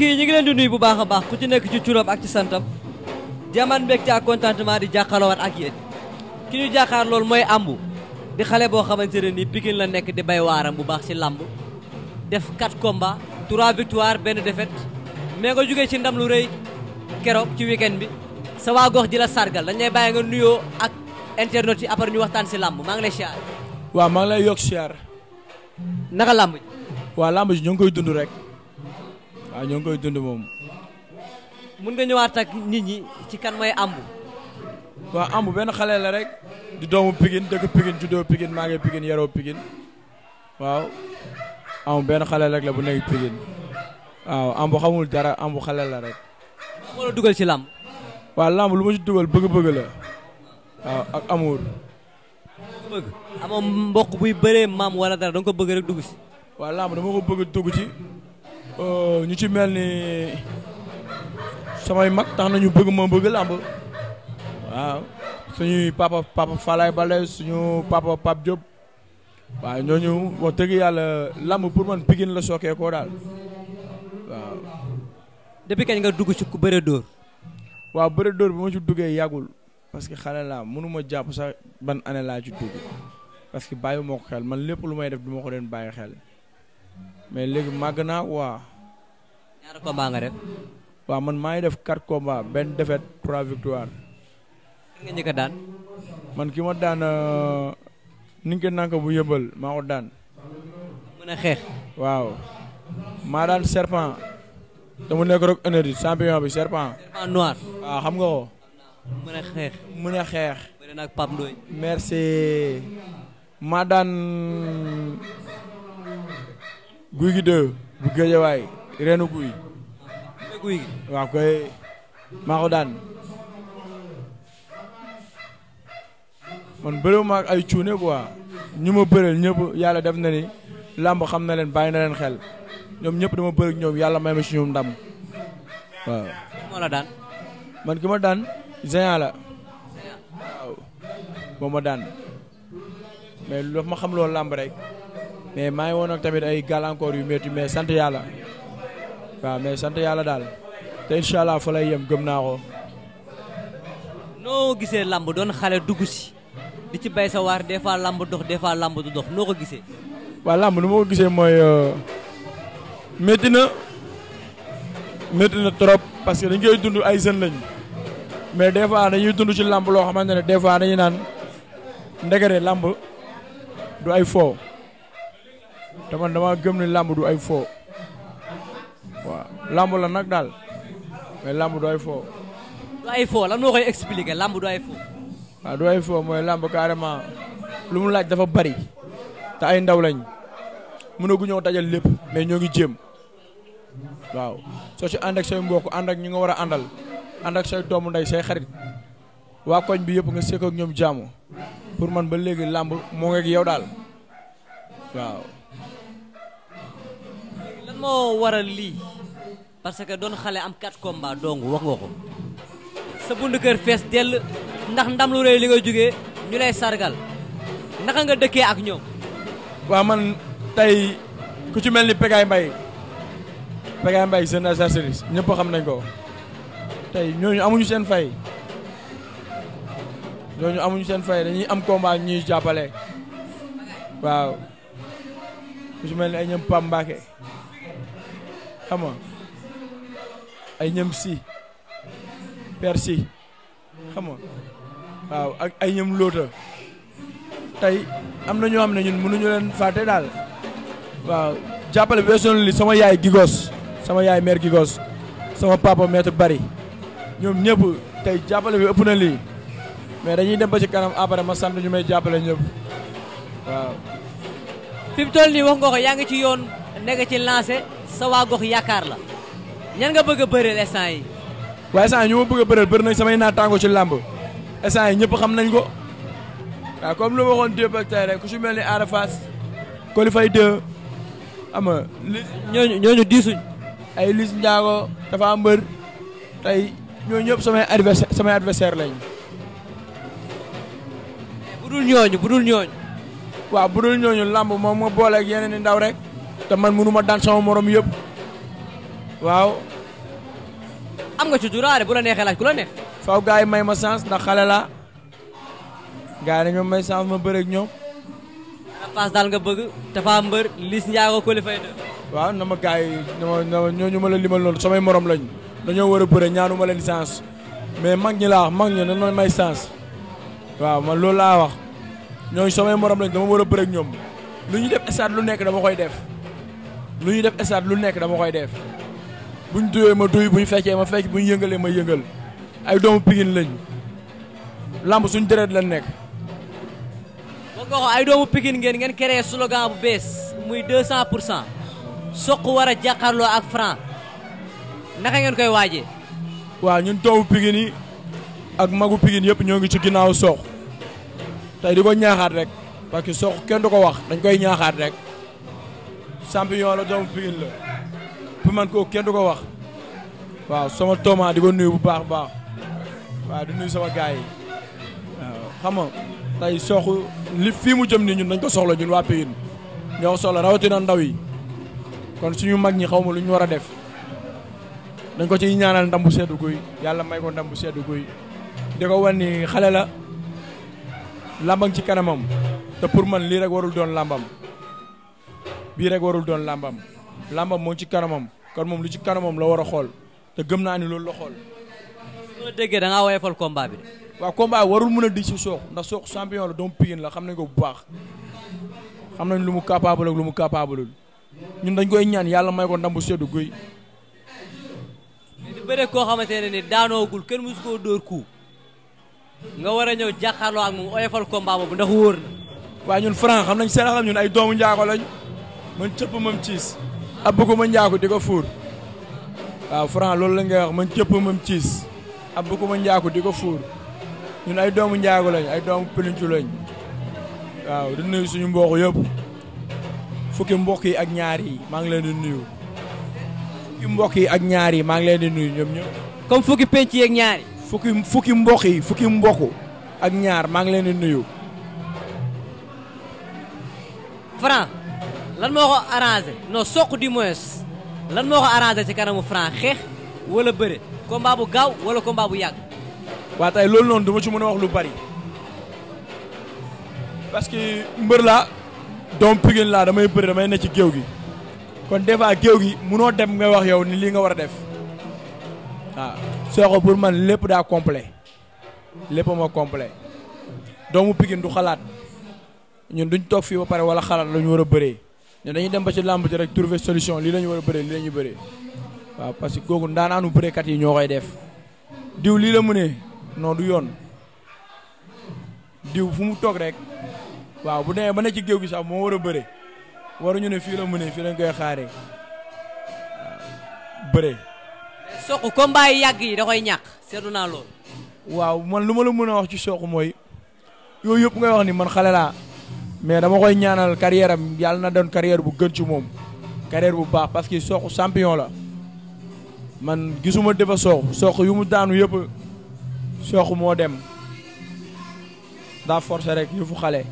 kii yi ñu ngi bu baax a baax ku ci nekk ci turam ak ci santam di amaat ci ak contentement di jàkkaarloowaat ak yéen ki ñu jàkkaar loolu mooy ambu di xale boo xamante ne nii Pikine la nekk di bay waaram bu baax ci làmb def 4 combats 3 victoires benn défaite mais nga jógee ci ndam lu rey keroog ci weekend bi sa waa gox ji la sargal dañ lay bàyyi nga nuyoo ak internet yi après ñu waxtaan ci làmb maa ngi lay siyaar. waaw maa ngi lay yokk siyaar. naka làmb waa waaw làmb ji dund rek. waaw ñoo ngi koy dund moom. mun nga ñëwaat ak nit ñi ci kan mooy ambu. waaw ambu benn xale la rek. di doomu Pikine dëkk Pikine juddoo Pikine maa ngi Pikine yaroo Pikine waaw ambu benn xale rek la bu nekk Pikine waaw ambu xamul dara ambu xale la rek. moo la ci làmb. waa làmb lu ma ci dugal bëgg-bëgg la waaw ak amour. bëgg buy bëree mam wala dara da nga bëgg rek dugg si. waaw dama ko bëgg Euh, ñu ci mel ni samay mag tax nañu bëgg ma bëgg làmb waaw suñuy papa papa Falaye Bale suñu papa Pape Diop waaw ñooñu wax dëgg yàlla làmb pour man Pikine la sookee koo daal waaw. depuis kañ nga dugg ci ku bëre dóor. waaw bëre dóor bi ma ci duggee yàggul parce que xale laa mënuma jàpp sax ban année laa ci dugg parce que bàyyi moo ko xel man lépp lu may def du ma ko doon bàyyi xel. mais léegi màgg naa waa. ñaari combat def. waaw man maa ngi def quatre combat benn défaite trois victoire. nga man ki ma daan euh, ni nga nanka bu yëmbal maa ko daan. mën a xeex. waaw maa daan serpent. te mu nekk rek énergie champion bi serpent. noir. waaw xam nga ko. mën a xeex. mën merci maa daan. guy gi deux bu géejawaay reenu guy. guy koy maa daan. man bëriwuma ak ay cuune quoi ñu ma bëreel ñëpp yàlla def na ni làmb xam na leen bàyyi na leen xel ñoom ñëpp dama bëri ak ñoom yàlla may ma ci ñoom ndam la daan. man ki ma daan géant la. waaw daan mais lu ma xam loolu làmb rek. mais maa ngi woon ak tamit ay gàllankoor yu métti mais sant yàlla waaw mais sant yàlla daal te incha allah fa lay yem gëm naa ko. noo gisee làmb doon xale dugg si di ci bay sa waar des fois lamb dox des fois lamb du dox noo ko gisee. waa làmb nu ma ko gisee mooy euh, métti na métti na trop parce que dañ koy dund ay jeunes lañu mais des fois dañuy dund ci làmb loo xamante ne des fois dañuy naan ndegere lamb du ay fo. te man dama gëm ne làmb du ay foo waaw làmb la nag daal mais làmb du ay fo. du ay fo lan noo koy expliquer làmb du ay fo. waaw du ay fo mooy làmb carrément lu mu laaj dafa bari te ay ndaw lañ mënagu ñëw dajal lépp mais ñoo ngi jéem waaw soo ci ànd ak say mbokk ànd ak ñi nga war a àndal ànd ak say doomu ndey say xarit waa koñ bi yëpp nga sekk ak ñoom jaamu pour man ba léegi làmb moo ngeeg yow daal waaw. moo waral lii parce que doon xale am 4 combats dong wax nga ko sa bund kër fees dell ndax ndam lu rëy li nga jóge ñu lay sargal naka nga dëkkee ak ñoom. waa man tey ku ci mel ni pegaay mbay Pegay Mbaye seen service ñëpp xam nañ ko tey ñooñu amuñu seen fay ñooñu amuñu seen fay dañuy am combat ñuy jàppale waaw ku mel ni ay ñoom Pam xam nga ay ñam si persi xam nga waaw ay ñam loota tey am na ñoo xam ne ñun mënuñu leen fàtte daal waaw jàppale weesoon li sama yaay Gigos sama yaay mère Gigos sama papa maître Bari ñoom ñëpp tey jàppale bi ëpp na lii mais dañuy dem ba ci kanam après ma sant ñu may jàppale ñëpp waaw. fi mu toll ko yaa ci yoon nekk ci lancé. sa waa gox yaakaar la ñan nga bëgg a bëreel instant yi waaye instant ñu ma bëgg a bëreel bëri nañ samay naataango ci làmb instant yi ñëpp xam nañ ko waaw comme lu ma waxoon démb ak ku ci mel ni Ada Fass Colifay 2 xam nga li ñooñu ñooñu diisuñ ay Liss Ndiago dafa am tey ñooñu ñëpp samay adversaire samay adversaire lañ bu dul ñooñu bu dul ñooñu waaw bu dul ñooñu làmb moom ma boole ak yeneen i ndaw rek te man mënu ma daan sama morom yëpp waaw. am nga ci juraare bu la neexee laaj ku la neex. fa gars yi may ma chance ndax xale laa gars yi may chance ma bëreeg ñoom. Fass daal nga bëgg dafa mbër Liss Ndiago Coly waaw na ma gars yi na ma ñooñu ma la limal noonu samay morom lañu dañoo war a bëre ñaanu ma leen chance mais mag ñi laa wax mag na dañu may chance waaw man loolu laa wax ñooñu samay morom lañu dama war a bëreeg ñoom lu ñu def stade lu nekk dama koy def. lu ñuy def stade lu nekk dama koy def buñ duyee ma duy ñu feccee ma fecc buñ yëngalee ma yëngal ay doomu Pikine lañ lamb suñ deret lañ nekk. ba ay doo Pikine ngeen ngeen créé slogan bu bees muy 200 pour cent soq war a jàkkaarloo ak franc naka ngeen koy waajee. waaw ñun doomu Pikine yi ak magu Pikine yëpp ñoo ngi ci ginnaaw soq tey di ko ñaaxaat rek parce que soq kenn du ko wax dañ koy ñaaxaat rek. champion la doomu Pikine la man koo kenn du ko wax waaw sama toomaa di ko nuyu bu baax baax waaw di nuyu sama gars yi waaw xam nga tey soxu li fii mu jëm ni ñun dañ ko soxla ñun waa Pikine ñoo soxla rawatina ndaw yi kon suñu mag ñi xaw ma lu ñu war a def dañ ko ci ñaanal ndam bu seddu guy yàlla may ko ndam bu seddu guy di ko wan ni xale la lambang ci kanamam te pour man lii rek warul doon làmbam bii rek warul doon làmbam làmbam moo ci kanamam kon moom lu ci kanamam la war a xool te gëm naa ni loolu la xool. soo déggee da ngaa woyofal combat bi de. warul mën a di si Sokh ndax Sokh champion la xam nañ ko bu baax xam nañ lu mu capable lu mu capable ñun dañ koy ñan yàlla may ko ndam bu seddu guy. di bëre koo xamante ne ni daanoogul kenn mësu koo dóor ku nga war a ñëw jàkkaarloo ak moom oyofal combat boobu ndax wóor na. waaye ñun franc xam nañ man cëpp mam ciis a bëgguma njaaku di ko fuur waaw Franc loolu la ngay man cëpp mam ciis a bëgguma njaaku di ko fuur ñun ay doomu njaaku lañ ay doomu pilincu lañ waaw di nuyu suñu mbokk yëpp fuk mbokk yi ak ñaar yi maa ngi leen di nuyu mbokk yi ak ñaar maa ngi leen di nuyu ñoom ñëpp comme fukki penc yi ak ñaar yi fukki fukki mbokk yi fukki mbokk ak ñaar maa ngi leen di nuyu lan moo ko arrangé noo soq di moins lan moo ko arrangé ci kanamu Franc xeex wala bëre combat bu gaaw wala combat bu yàgg. waa tey loolu noonu duma ci mën a wax lu bari parce que mbër laa doom Pikine laa damay bëri damay ne ci géew gi kon des fois géew gi munoo dem nga wax yow ni lii nga war a def waaw soo ko pour man lépp daa complet lépp moo complet doomu Pikine du xalaat ñun duñ toog fii ba pare wala xalaat la ñu war a bëree. ñun dañuy dem ba ci làmb ji rek trouver solution lii la ñu war a bëree lii ñu bëree waaw parce que kooku ndaanaanu bëreekat yi ñoo koy def diw lii la ne non du yoon diw fu mu toog rek waaw bu demee ba ne ci géew gi sax moo war a bëre waruñu ne fii la mu ne fii lañ koy xaaree waaw bëre. soq combat yàgg yi da koy ñàkk seetlu naa lool. waaw man lu ma la mën a wax ci soq mooy yooyu yëpp ngay wax ni man xale laa. mais dama koy ñaanal carrière am yàlla na doon carrière bu gën ci moom carrière bu baax parce que Sokh champion la man gisuma a Sokh Sokh yu mu daanu yëpp Sokh moo dem daa forcé rek yëfu xale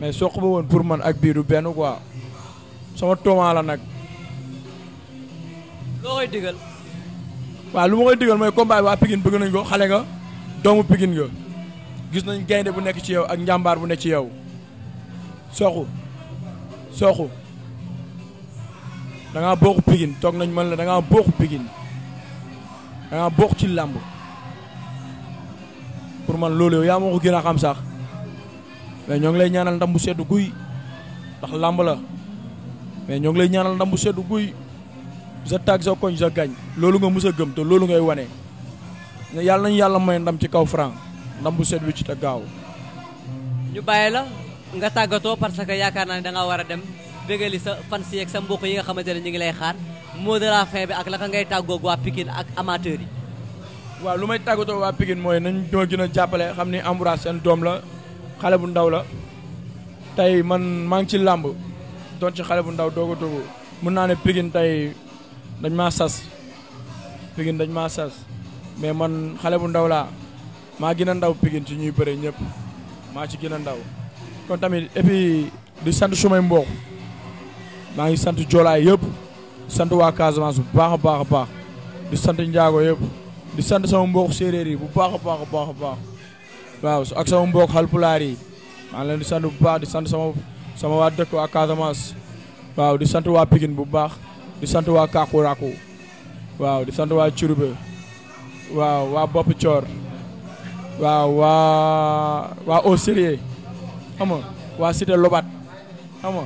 mais Sokh ba woon pour man ak bii du benn quoi sama toma la nag. loo koy digal. waaw lu ma koy digal mooy combat bi waa Pikine bëgg nañ ko xale nga doomu Pikine nga gis nañ gaynde bu nekk ci yow ak njàmbaar bu nekk ci yow. soxu soxu da ngaa bokk toog nañ man la danga ngaa pigin Pikine da ci làmb pour man loolu yow yaa ma ko gën a xam sax mais ñoo ngi lay ñaanal ndam bu seddu guy ndax làmb la mais ñoo ngi lay ñaanal ndam bu seddu guy sa tag sa koñ sa gañ loolu nga mus a gëm te loolu ngay wane yàlla nañu yàlla may ndam ci kaw Franc ndam bu sedd wi ci te gaaw ñu bàyyi la nga tàggatoo parce que yaakaar naa ne da war a dem bégali sa fans yi ak sa mbokk yi nga xamante ne ñu ngi lay xaar moo de la fin bi ak laka ngay tàggoog waa Pikine ak amateur yi. waaw lu may tàggatoo waa Pikine mooy nañ ñoo gën a jàppale xam ni Ambroise seen doom la xale bu ndaw la tey man maa ngi ci làmb doon ci xale bu ndaw doog a doog mun naa ne Pikine tey dañ maa sas Pikine dañ maa sas mais man xale bu ndaw laa maa gën a ndaw Pikine ci ñuy bëre ñëpp maa ci gën a ndaw. kon tamit et di sant sumay mbokk maa ngi sant joolaay yëpp sant waa Casamance bu baax a baax a baax di sant njaago yëpp di sant sama mbokk séeréer yi bu baax a baax a baax baax waaw ak sama mbokk xalpulaar yi maa ngi leen di sant bu baax di sant sama sama waa dëkk waa Casamance waaw di sant waa Pikine bu baax di sant waa Kakuraku waaw di sant waa Curube waaw waa Bopp Coor waaw waa waa au xam waa Cité Lobatt xam nga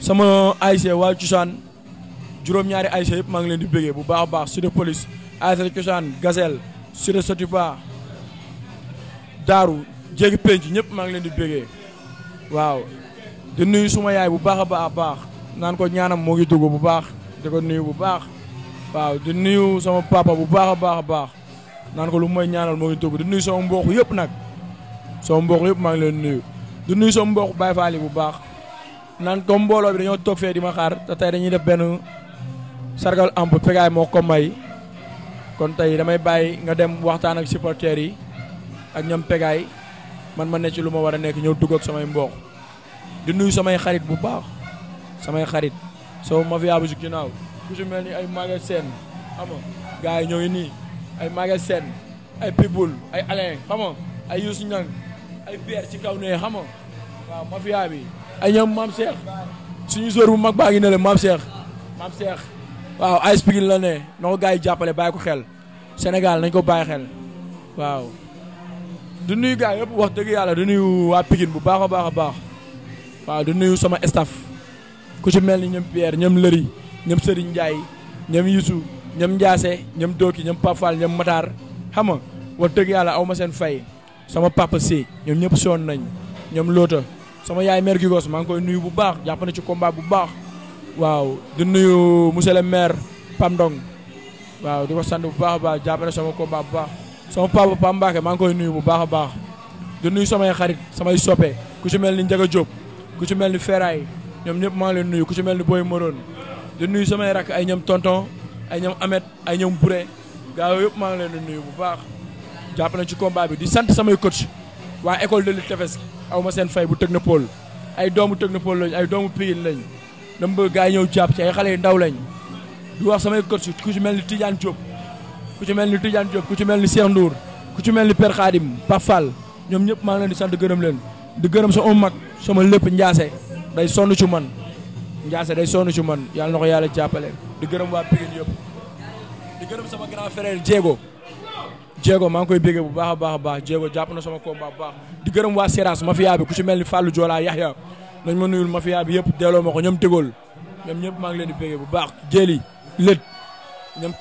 sama ASC waa Cosaan juróom-ñaari ASC yëpp maa ngi leen di bëggee bu baax a baax Cité Police ASC Cosaan Gazelle Cité Sotiba Daaru Jéegi Penc ñëpp maa ngi leen di bëggee waaw di nuyu suma yaay bu baax a baax a baax naan ko ñaanam moo ngi dugg bu baax di ko nuyu bu baax waaw di nuyu sama papa bu baax a baax a baax naan ko lu mooy ñaanal moo ngi dugg di nuyu sama mbokk yëpp nag sama mbokk yëpp maa ngi leen nuyu du nuyu sama mbokk Baye Fall bu baax naan comme mbooloo bi dañoo toog fee di ma xaar te tey dañuy def benn sargal amp pegaay moo ko may kon tey damay bàyyi nga dem waxtaan ak supporters yi ak ñoom pegaay man ma ne ci lu ma war a nekk ñëw dugg ak samay mbokk di nuyu samay xarit bu baax samay xarit soo ma fi si ginnaaw ku si mel ni ay Maguette seen xam nga gars yi ñoo ngi nii ay Maguette seen ay Pitbull ay Alain xam nga ay Youssou Niang ay bière ci kaw ne xam nga waaw mafia bi ay ñoom maam Cheikh suñu joueur bu mag baa ngi ne la maam Cheikh waaw AS Pikine la ne na ko gars yi jàppale bàyyi ko xel senegal nañ ko bàyyi xel waaw du nuyu gars yëpp wax dëgg yàlla du nuyu waa Pikine bu baax a baax a baax waaw du nuyu sama staff ku ci mel ni ñoom Pierre ñoom Lëri ñoom Serigne Ndiaye ñoom Youssou ñoom Ndiassé ñoom Doki ñoom Pafal ñoom Matar xam wax dëgg yàlla aw ma seen fay sama papa si ñoom ñëpp sonn nañ ñoom loota sama yaay maire Gigos maa ngi koy nuyu bu baax jàpp na ci combat bu baax waaw di nuyu monsieur le maire Pam Ndong waaw di ko sant bu baax a baax sama combat bu baax sama papa Pam Mbacké maa ngi koy nuyu bu baax a baax di nuyu samay xarit sama soppe ku ci mel ni Ndiaga Diop ku ci mel ni Feray ñoom ñëpp maa ngi leen nuyu ku ci mel ni Boy Morone di nuyu samay rakk ay ñoom tonton ay ñoom Amet ay ñoom Bouré gaaw yëpp maa ngi leen di nuyu bu baax jàpp ci combat bi di sant samay coach waa école de Tefes aw ma seen fay bu technopole ay doomu technopole lañ ay doomu Pikine lañ dama bëgg gaa yi ñëw jàpp ci ay xale yu ndaw lañ di wax samay coach ku ci mel ni Tidiane Diop ku ci mel ni Tidiane Diop ku ci mel ni Cheikh Ndour ku ci mel ni Père Khadim Pape ñoom ñëpp maa ngi leen di sant gërëm leen di gërëm sa um mag sama lépp njaase day sonn ci man njaase day sonn ci man yàlla na ko yàlla jàppale di gërëm waa yëpp di gërëm sama grand frère Diego maa ngi koy bégee bu baax a baax a baax Diego jàpp na sama combat baax di gërëm waa Seras mafia bi ku ci mel ni Fallou Diola Yaxya nañ ma nuyul mafia bi yëpp delloo ma ko ñoom Dégol ñoom ñëpp maa ngi leen di bu baax Jéli Lët ñoom